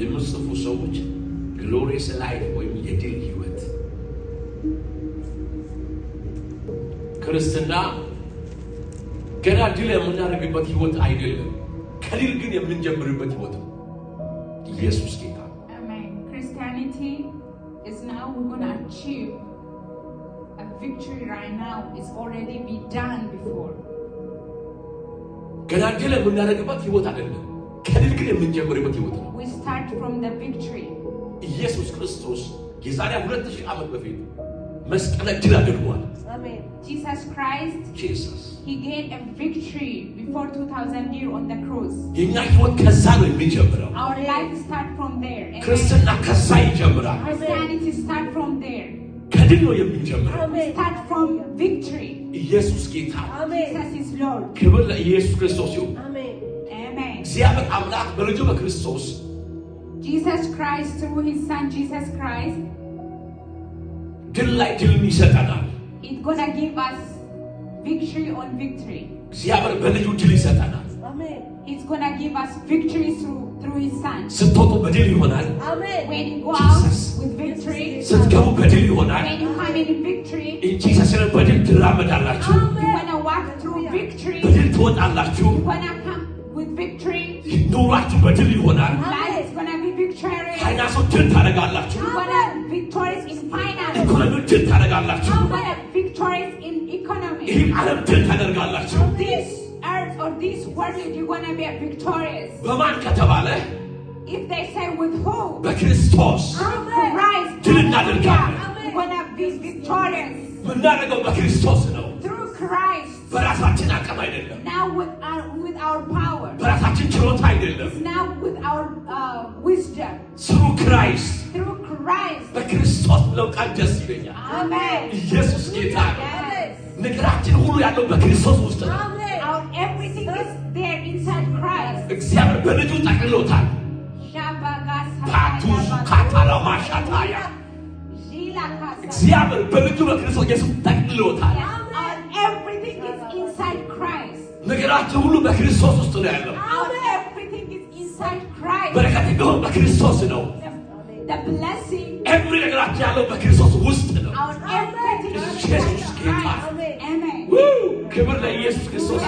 የምጽፉ ሰዎች ግሎሪስ ላይፍ ወይም የድል ህይወት ክርስትና ገና ድል የምናደርግበት ህይወት አይደለም። ከድል ግን የምንጀምርበት ህይወት ነው። ኢየሱስ ጌታ ገና ድል የምናደርግበት ህይወት አይደለም። ከድል ግን የምንጀምር ነው። we start from the victory ኢየሱስ ክርስቶስ የዛሬ 2000 ዓመት በፊት መስቀል ድል አድርጓል። አሜን Jesus Christ Jesus he gained a victory before 2000 years on the cross የኛ ህይወት ከዛ ነው የሚጀምረው። our life start from there ክርስትና ከዛ ይጀምራል። Christianity start from there ከድል ነው የሚጀምረው። start from victory ኢየሱስ ጌታ Jesus is Lord ክብር ለኢየሱስ ክርስቶስ ይሁን። እግዚአብሔር አምላክ በልጁ በክርስቶስ Jesus Christ through his son Jesus Christ ድል ላይ ድልን ይሰጠናል። It's gonna give us victory on victory. እግዚአብሔር በልጁ ድል ይሰጠናል። Amen. It's gonna give us victory through through his son. ስትወጡ በድል ይሆናል። Amen. When you go out with victory. ስትገቡ በድል ይሆናል። When you come in victory. ኢየሱስን በድል ትራመዳላችሁ። Amen. You wanna walk through victory. በድል ትወጣላችሁ። You wanna ዶላችሁ በድል ይሆናል። ፋይናንሶች ድል ታደርጋላችሁ። ኢኮኖሚዎች ድል ታደርጋላችሁ። ይህም ዓለም ድል ታደርጋላችሁ። በማን ከተባለ If they say with who? በክርስቶስ ድል እናደርጋለን። ምናደርገው በክርስቶስ ነው። Through Christ. በራሳችን አቅም አይደለም፣ በራሳችን ችሎታ አይደለም። ስሩ ክራይስት በክርስቶስ ብለው ቃል ደስ ይለኛል። ኢየሱስ ጌታ ነው። ነገራችን ሁሉ ያለው በክርስቶስ ውስጥ ነው። እግዚአብሔር በልጁ ጠቅልሎታል። እግዚአብሔር በልጁ በክርስቶስ ኢየሱስ ጠቅልሎታል። ነገራችን ሁሉ በክርስቶስ ውስጥ ነው ያለው። በረከት የሚሆን በክርስቶስ ነው። ኤቭሪ ነገራችን ያለው በክርስቶስ ውስጥ ነው። ክብር ለኢየሱስ ክርስቶስ።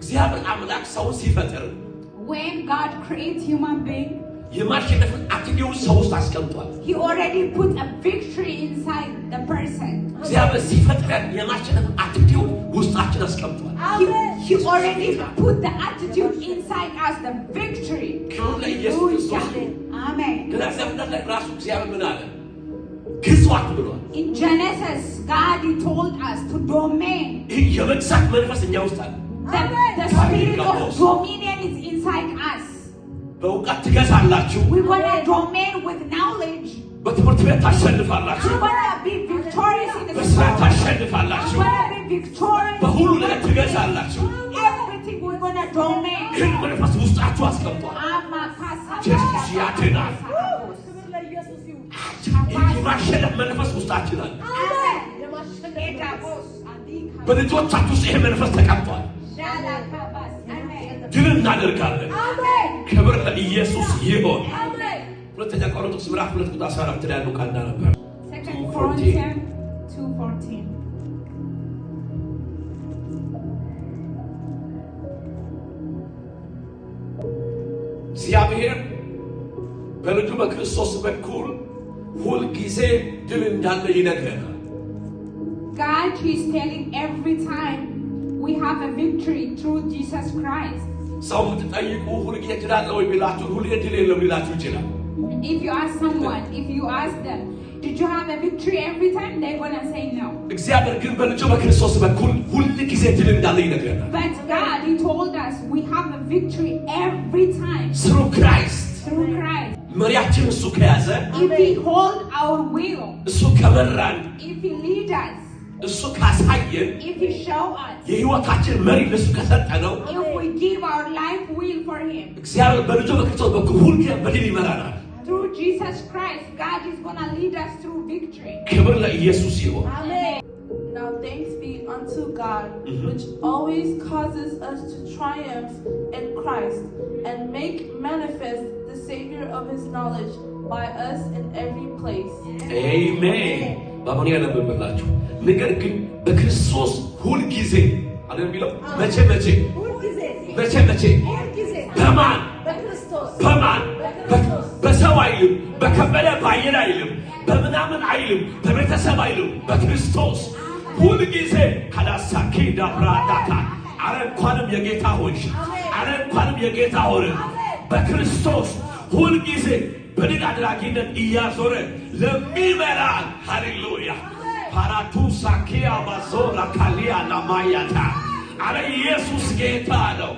እግዚአብሔር አምላክ ሰውን ሲፈጥር የማሸነፍ አትጌውን ሰው ውስጥ አስቀምጧል። እግዚአብሔር ሲፈጥረን የማሸነፍ አትጌው das He, he already put the attitude inside us, the victory. Amen. In Genesis, God he told us to domain. የመግዛት The, the spirit of dominion is inside us. We want to domain with knowledge. በትምህርት ቤት ታሸንፋላችሁ፣ በስራ ታሸንፋላችሁ፣ በሁሉ ላይ ትገዛላችሁ። ይህን መንፈስ ውስጣችሁ አስቀምጧል። ኢየሱስ ያድናል። የማሸነፍ መንፈስ ውስጣችን አለ። በልጆቻችሁ ውስጥ ይሄ መንፈስ ተቀምጧል። ድል እናደርጋለን። ክብር ለኢየሱስ ይሆን። ሁለተኛ ቆሮንቶስ ምዕራፍ ሁለት ቁጥር 14 ላይ ያለው ቃል ነበር። እግዚአብሔር በልጁ በክርስቶስ በኩል ሁልጊዜ ድል እንዳለ ይነግረናል። God is telling every time we have a victory through Jesus Christ. ሰው ምትጠይቁ ሁልጊዜ ድል ቢላችሁ ሁልጊዜ ድል የለም ሊላችሁ ይችላል። If you ask someone, if you ask them, did you have a victory every time? They're gonna say no. But God, He told us we have a victory every time. Through Christ. Through Christ. መሪያችን እሱ ከያዘ if he hold our will እሱ ከመራን if he lead us እሱ ካሳየን if he show us የህይወታችን መሪ ለእሱ ከሰጠነው if we give our life will for him እግዚአብሔር በልጁ through Jesus Christ, God is going to lead us through victory. ክብር Now thanks be unto God, mm -hmm. which always causes us to triumph in Christ and make manifest the Savior of His knowledge by us in every place. Amen. ባሁን ያነበብላችሁ ነገር በክርስቶስ በማን በሰው አይልም፣ በከበደ በአየር አይልም፣ በምናምን አይልም፣ በቤተሰብ አይልም፣ በክርስቶስ ሁልጊዜ ካላሳኬ ዳብራዳታ አረ እንኳንም የጌታ ሆንሽ፣ አረ እንኳንም የጌታ ሆነ። በክርስቶስ ሁልጊዜ በድል አድራጊነት እያዞረ ለሚመራ ሃሌሉያ ፓራቱ ሳኪያ ባዞራ ካሊያ ናማያታ አረ ኢየሱስ ጌታ ነው።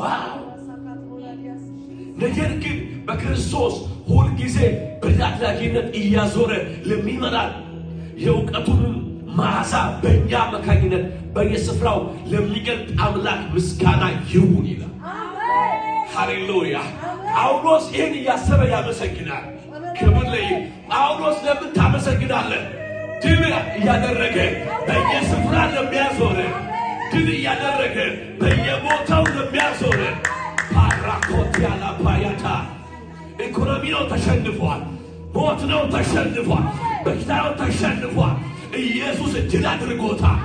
ዋው ነገር ግን በክርስቶስ ሁልጊዜ በታዳጊነት እያዞረ ለሚመራል የእውቀቱንም መዓዛ በእኛ አማካኝነት በየስፍራው ለሚገልጥ አምላክ ምስጋና ይሁን ይላል። ሃሌሉያ! ጳውሎስ ይህን እያሰበ ያመሰግናል። ክብር ለይ ጳውሎስ ለምን ታመሰግናለን? ድል እያደረገ በየስፍራ ለሚያዞረ ድል እያደረገ በየቦታው ለሚያዞረ ኮቲያላ ፓያታ ኢኮኖሚ ነው ተሸንፏል። ሞት ነው ተሸንፏል። በሽታ ነው ተሸንፏል። ኢየሱስ ድል አድርጎታል።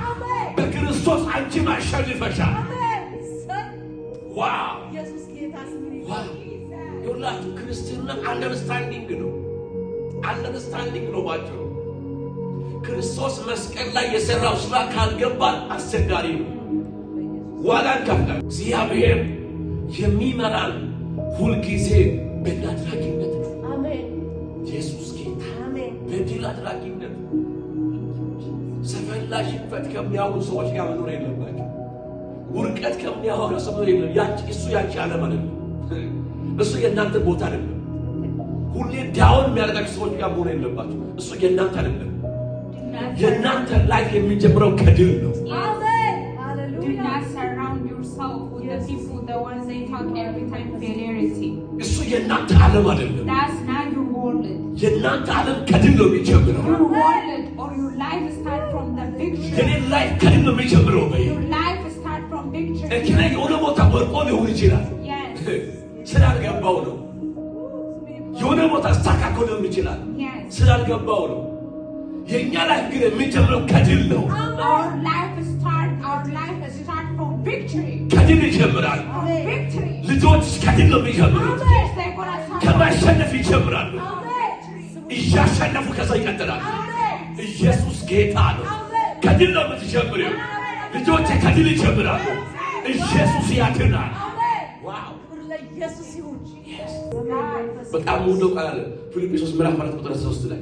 በክርስቶስ አንቺም አሸንፈሻል። ዋው ሁላችሁ ክርስትና አንደርስታንዲንግ ነው፣ አንደርስታንዲንግ ነው ባጭሩ። ክርስቶስ መስቀል ላይ የሰራው ስራ ካልገባል አስቸጋሪ ነው። ዋላ ከፍላል እግዚአብሔር የሚመራን ሁልጊዜ በድል አድራጊነት ነው። ኢየሱስ ጌታ በድል አድራጊነት ሰፈር ላይ ሽንፈት ሰዎች ጋር መኖር የለባቸው። ውርቀት ከሚያወራ ሰው መኖር የለም። እሱ ያቺ ዓለም አይደለም። እሱ የእናንተ ቦታ አይደለም። ሁሌ ዳውን የሚያደርጋችሁ ሰዎች ጋር መሆን የለባቸው። እሱ የእናንተ አይደለም። የእናንተ ላይፍ የሚጀምረው ከድል ነው። yourself with yes. the people, the ones they talk every time fidelity. እሱ That's not your world. የእናንተ ዓለም ከድል Your wallet or your life start from the victory. የኔ ላይፍ ከድል ነው የሚጀምረው በይ። Your life start from victory. እኪና የሆነ ቦታ ወድቆ ሊሆን ይችላል። ስላልገባው ነው። የሆነ ቦታ ስታካክሎ ሊሆን ይችላል። ስላልገባው ነው። የእኛ ላይፍ ግን የሚጀምረው ከድል ነው። Our life start our life ከድል ይጀምራል። ልጆች ከድል ነው የሚጀምሩት። ከማሸነፍ ይጀምራሉ። እያሸነፉ ከዛ ይቀጥላሉ። ኢየሱስ ጌታ ነው። ከድል ነው የምትጀምሪው። ልጆች ከድል ይጀምራሉ። ኢየሱስ ያድናል። በጣም ወደው ቃል አለ ፊልጵስዩስ ምዕራፍ አራት ቁጥር ሶስት ላይ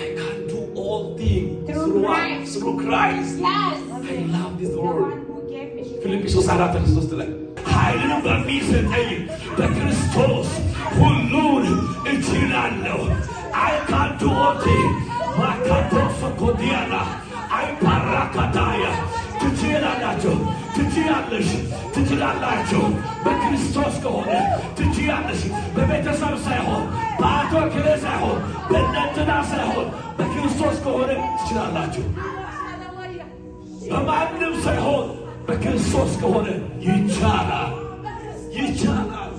አይካዱ all things through, through Christ. Through Christ. Yes. I love this word. Filipi sosara Χριστόστελε. Hayırda bize değil de Kristos kulun içinanno. I can do all things. Makatosa kodiana. I parakataya. ትችላላቸው ትችላለሽ ትችላላቸው በክርስቶስ ከሆነ ትችላለሽ በቤተሰብ ሳይሆን በአቶ ክሌ ሳይሆን በእናንትና ሳይሆን በክርስቶስ ከሆነ ትችላላችሁ። በማንም ሳይሆን በክርስቶስ ከሆነ ይቻላል፣ ይቻላል።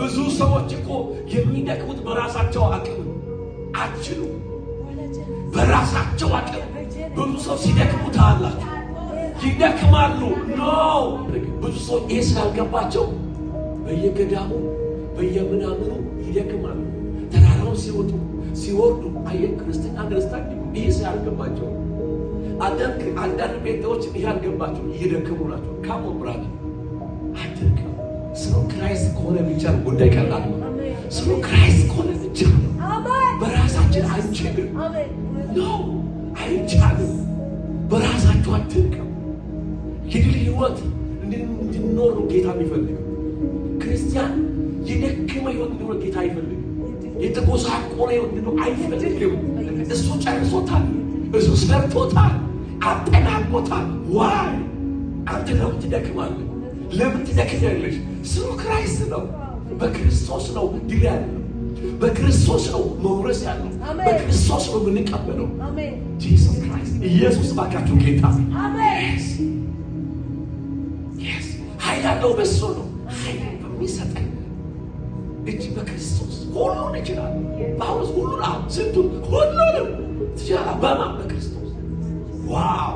ብዙ ሰዎች እኮ የሚደክሙት በራሳቸው አቅም አችሉ በራሳቸው አቅም ብዙ ሰው ሲደክሙ ታያላችሁ። ይደክማሉ ነው ብዙ ሰው ይህ ስላልገባቸው በየገዳሙ በየምናምኑ ይደክማሉ። ተራራውን ሲወጡ ሲወርዱ አየ ክርስትና ክርስቲያን ይህ ሲያልገባቸው አንዳንድ አንዳንድ ቤታዎች ይህ ያልገባቸው እየደከሙ ናቸው። ካሞ ብራጅ አትድከም። ስለ ክራይስት ከሆነ ብቻ ነው ጉዳይ ቀላል ነው። ስለ ክራይስት ከሆነ ብቻ ነው። በራሳችን አንችልም ነው አይቻልም። በራሳችሁ አትድከም። የግል ህይወት እንድንኖር ጌታ የሚፈልግ ክርስቲያን የደከመ ህይወት እንዲኖር ጌታ አይፈልግም። የተጎሳቆለ ህይወት እንዲኖር አይፈልግም። እሱ ጨርሶታል። እሱ ሰርቶታል፣ አጠናቆታል። ዋይ አንተ ለምን ትደክማለህ? ለምን ትደክማለሽ? ስሙ ክራይስት ነው። በክርስቶስ ነው ድል ያለ፣ በክርስቶስ ነው መውረስ ያለው። በክርስቶስ ነው የምንቀበለው። ጂሰስ ክራይስት ኢየሱስ ባካችሁ ጌታ ኃይል ያለው በሱ ነው ኃይል በሚሰጠን እንጂ በክርስቶስ ሁሉን ይችላል። ጳውሎስ ሁሉን አሁ ስንቱን ሁሉንም ትችላል። በማ በክርስቶስ ዋው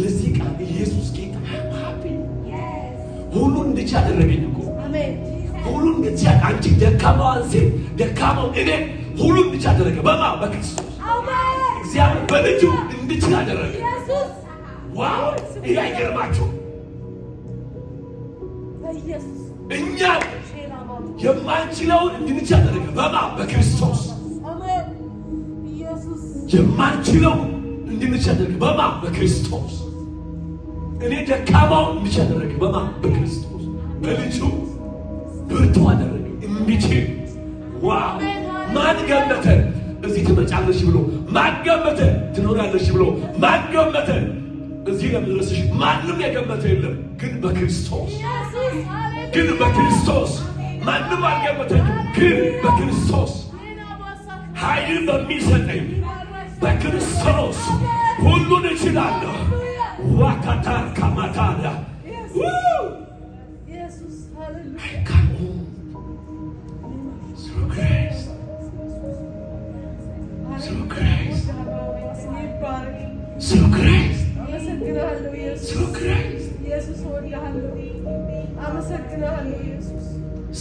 ለዚህ ቃል ኢየሱስ ጌታ ሁሉን እንድች ያደረገኝ እኮ ሁሉን እንድች አንቺ ደካማዋን ሴት ደካማው እኔ ሁሉን እንድች ያደረገ በማ በክርስቶስ እግዚአብሔር በልጁ እንድችል አደረገ። ዋው! ይህ አይገርማችሁ? እኛ የማንችለውን እንድንችል አደረገ። በማ በክርስቶስ የማንችለው እንድንችል አደረገ። በማ በክርስቶስ እኔ ደካማው እንድችል አደረገ። በማ በክርስቶስ በልጁ ብርቱ አደረገ እንድችል ዋው! ማን ገመተን እዚህ ትመጫለሽ ብሎ ማገመተ ገመተ? ትኖራለሽ ብሎ ማገመተ እዚህ ለመድረስሽ ማንም የገመተ የለም። ግን በክርስቶስ ግን በክርስቶስ ማንም አልገመተኝ። ግን በክርስቶስ ኃይልን በሚሰጠኝ በክርስቶስ ሁሉን እችላለሁ። ዋካታ ካማታዳ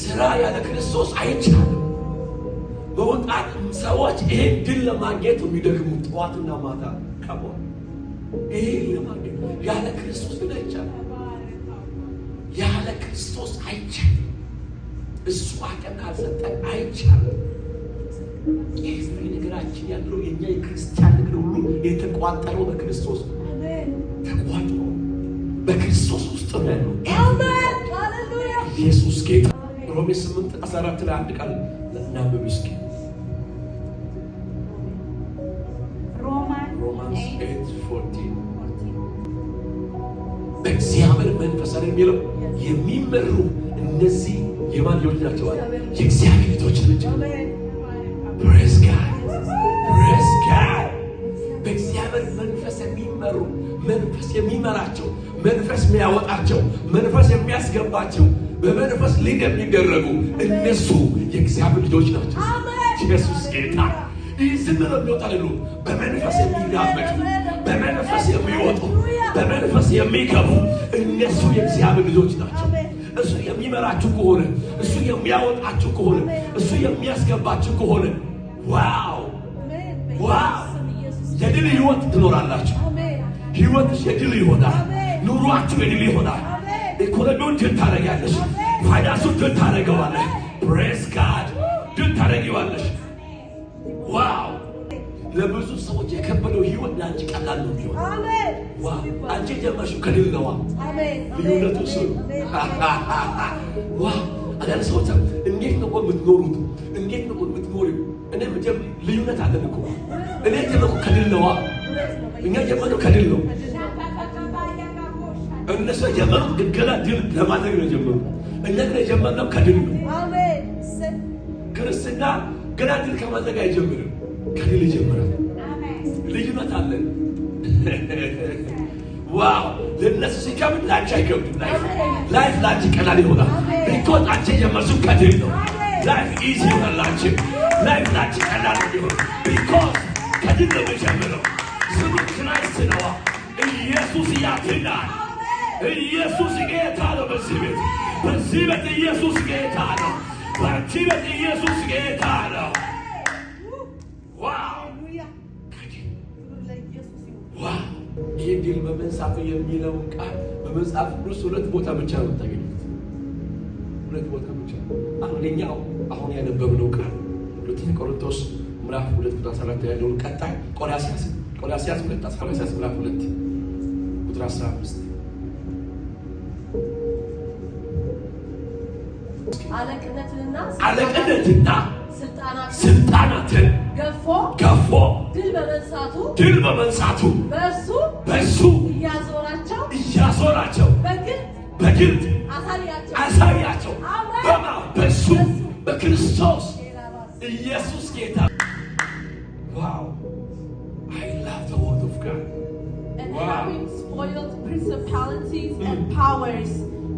ስራ ያለ ክርስቶስ አይቻልም። በወጣት ሰዎች ይሄን ድል ለማግኘት የሚደግሙ ጠዋትና ማታ ከቦ ይሄን ለማግኘት ያለ ክርስቶስ ግን አይቻልም። ያለ ክርስቶስ አይቻልም። እሱ አቅም ካልሰጠን አይቻልም። ይህ ነገራችን ያለው የኛ የክርስቲያን ነገር ሁሉ የተቋጠረው በክርስቶስ ነው። በክርስቶስ ውስጥ ነው ያለው። ኢየሱስ ጌታ። ሮሜ 8 14 ላይ አንድ ቃል እናንብብ እስኪ። 8:14 በእግዚአብሔር መንፈስ አይደል የሚለው የሚመሩ እነዚህ የማን ልጆች ናቸው? የእግዚአብሔር ልጆች ናቸው። ፕሬዝ ጋድ በእግዚአብሔር መንፈስ የሚመሩ መንፈስ የሚመራቸው መንፈስ የሚያወጣቸው መንፈስ የሚያስገባቸው በመንፈስ ሊድ የሚደረጉ እነሱ የእግዚአብሔር ልጆች ናቸው። ኢየሱስ ጌታ። ይህ ዝም ብሎ የሚወጣ በመንፈስ የሚዳመጡ በመንፈስ የሚወጡ በመንፈስ የሚገቡ እነሱ የእግዚአብሔር ልጆች ናቸው። እሱ የሚመራችሁ ከሆነ እሱ የሚያወጣችሁ ከሆነ እሱ የሚያስገባችሁ ከሆነ ዋው ዋው የድል ህይወት ትኖራላችሁ። ህይወትሽ የድል ይሆናል። ኑሯችሁ እድሜ ይሆናል። ኢኮኖሚውን ድል ታደረጊያለሽ። ፋይናንሱን ድል ታደረገዋለሽ። ፕሬስ ጋድ ድል ታደረጊዋለሽ። ዋው ለብዙ ሰዎች የከበደው ህይወት ለአንቺ ቀላል ነው የሚሆን። አንቺ ጀመርሽው ከድል ነዋ። ልዩነቱ እሱ ዋ አንዳንድ ሰዎች እንዴት ነው የምትኖሩት? እንዴት ነው የምትኖሪ? እኔ ልዩነት አለን እኮ እኔ ጀመርኩ ከድል ነዋ። እኛ ጀመርነው ከድል ነው እነሱ የጀመሩት ግልገላ ድል ለማድረግ ነው የጀመሩት። እነዚህ የጀመርነው ከድል ነው። ክርስትና ገና ድል ከማድረግ አይጀምርም፣ ከድል ይጀምራል። ልዩነት አለን። ዋው! ለነሱ ሲከብድ ላንቺ አይከብድም። ላይፍ ላንቺ ቀላል ይሆናል። ቢኮዝ አንቺ የጀመርሽው ከድል ነው። ላይፍ ኢዚ ይሆናል ላንቺ። ላይፍ ላንቺ ቀላል ይሆናል። ቢኮዝ ከድል ነው የጀመረው። ስሙ ክራይስት ነዋ። ኢየሱስ ያድናል። ኢየሱስ ጌታ ነው። በዚህ ቤት በዚህ ቤት ኢየሱስ ጌታ ነው። በአንቺ ቤት ኢየሱስ ጌታ ነው። ይህ ድል በመንሳት የሚለውን ቃል በመጽሐፍ ቅዱስ ሁለት ቦታ ብቻ ነው የምታገኙት። ሁለት ቦታ ብቻ። አንደኛው አሁን ያነበብነው ቃል ሁለተኛ ቆሮንቶስ ምዕራፍ ሁለት ቁጥር አስራ አራት ያለውን ቀጣይ ቆላሲያስ ቆላሲያስ ሁለት አስራ ሁለት ምዕራፍ ሁለት ቁጥር አስራ አምስት አለቅነትንና ስልጣናትን ገፎ ገፎ ድል በመንሳቱ በእሱ እያዞራቸው በግልጥ አሳያቸው። በማ በእሱ በክርስቶስ ኢየሱስ ጌታ ዋው አይ ላቭ ዘ ወርድ ኦፍ ጋድ ዋው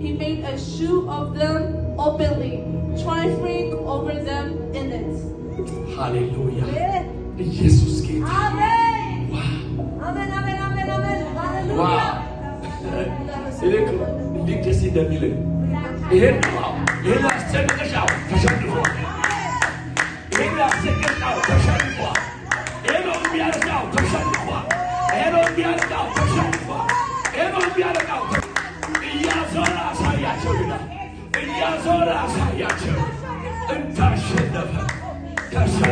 he made a shoe of them openly, triumphing over them in it. Hallelujah. Yeah. Jesus geht. Amen. Wow. Amen, Amen, Amen, Amen. Hallelujah. Wow. Liegt es in der Wille? Hände auf. Hände aufs Zentrum geschaut. Verschande vor. Hände aufs Zentrum geschaut. Verschande vor. Hände auf die Erde geschaut. Verschande vor. Hände auf die Erde Kazora sayaçım. Taşı da. Taşı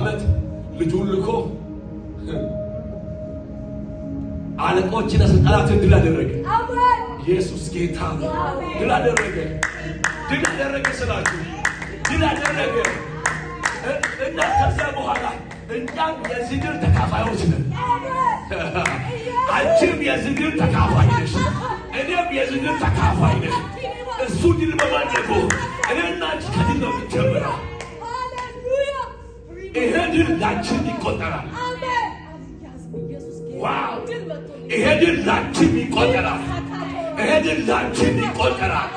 ዓመት ልጁን ልኮ አለቆችና ስልጣናትን ድል አደረገ። ኢየሱስ ጌታ ድል አደረገ። ድል አደረገ ስላችሁ ድል አደረገ እና ከዚያ በኋላ እኛም የዚህ ድል ተካፋዮች ነን። አንቺም የዚህ ድል ተካፋይ ነሽ። እኔም የዚህ ድል ተካፋይ ነሽ። እሱ ድል በማድረጉ እኔና አንቺ ከድል ነው የምንጀምረው። ይሄ ድል ላንቺም ይቆጠራል። ዋው! ይሄ ድል ላንቺም ይቆጠራል። ይሄ ድል ላንቺም ይቆጠራል።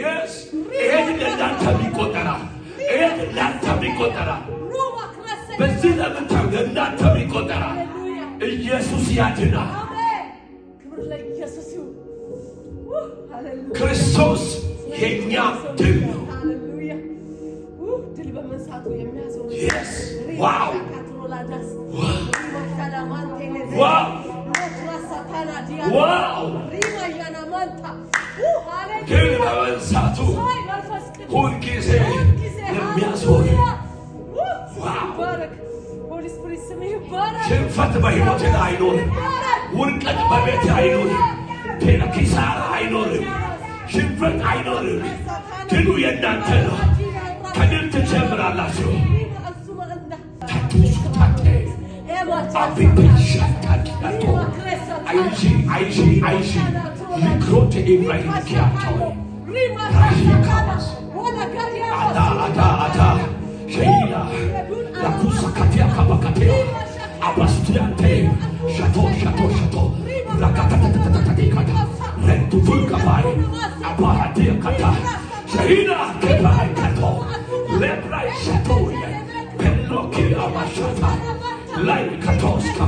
የስ ይሄ ድል ላንተም ይቆጠራል። ይሄ ድል ላንተም ይቆጠራል። በዚህ ለምታም ለእናንተም ይቆጠራል። ኢየሱስ ያድናል። ክርስቶስ የእኛ ድል ነው። Yes. Wow. Wow. Wow. ግን በመንሳቱ ሁልጊዜ የሚያዞር ሽንፈት በሕይወቴ አይኖርም። ውድቀት በቤቴ አይኖርም። ኪሳራ አይኖርም። ሽንፈት አይኖርም። ድሉ የእናንተ ነው። ከድር ትጀምራላችሁ። ታትሱታቴ አቢቤሻታኪያቶ አይሺ አይሺ አይሺ ሊክሮቴ ኢብራሂምኪያታዊ ራሂካባስ አታ አታ አታ ሸይላ ላኩሳ ካቲያ ካባካቴያ አባስቱያንቴ ሸቶ ሸቶ ሸቶ ራካታታታታታቴካታ rentu vulka bai abahate kata shahida kebai kata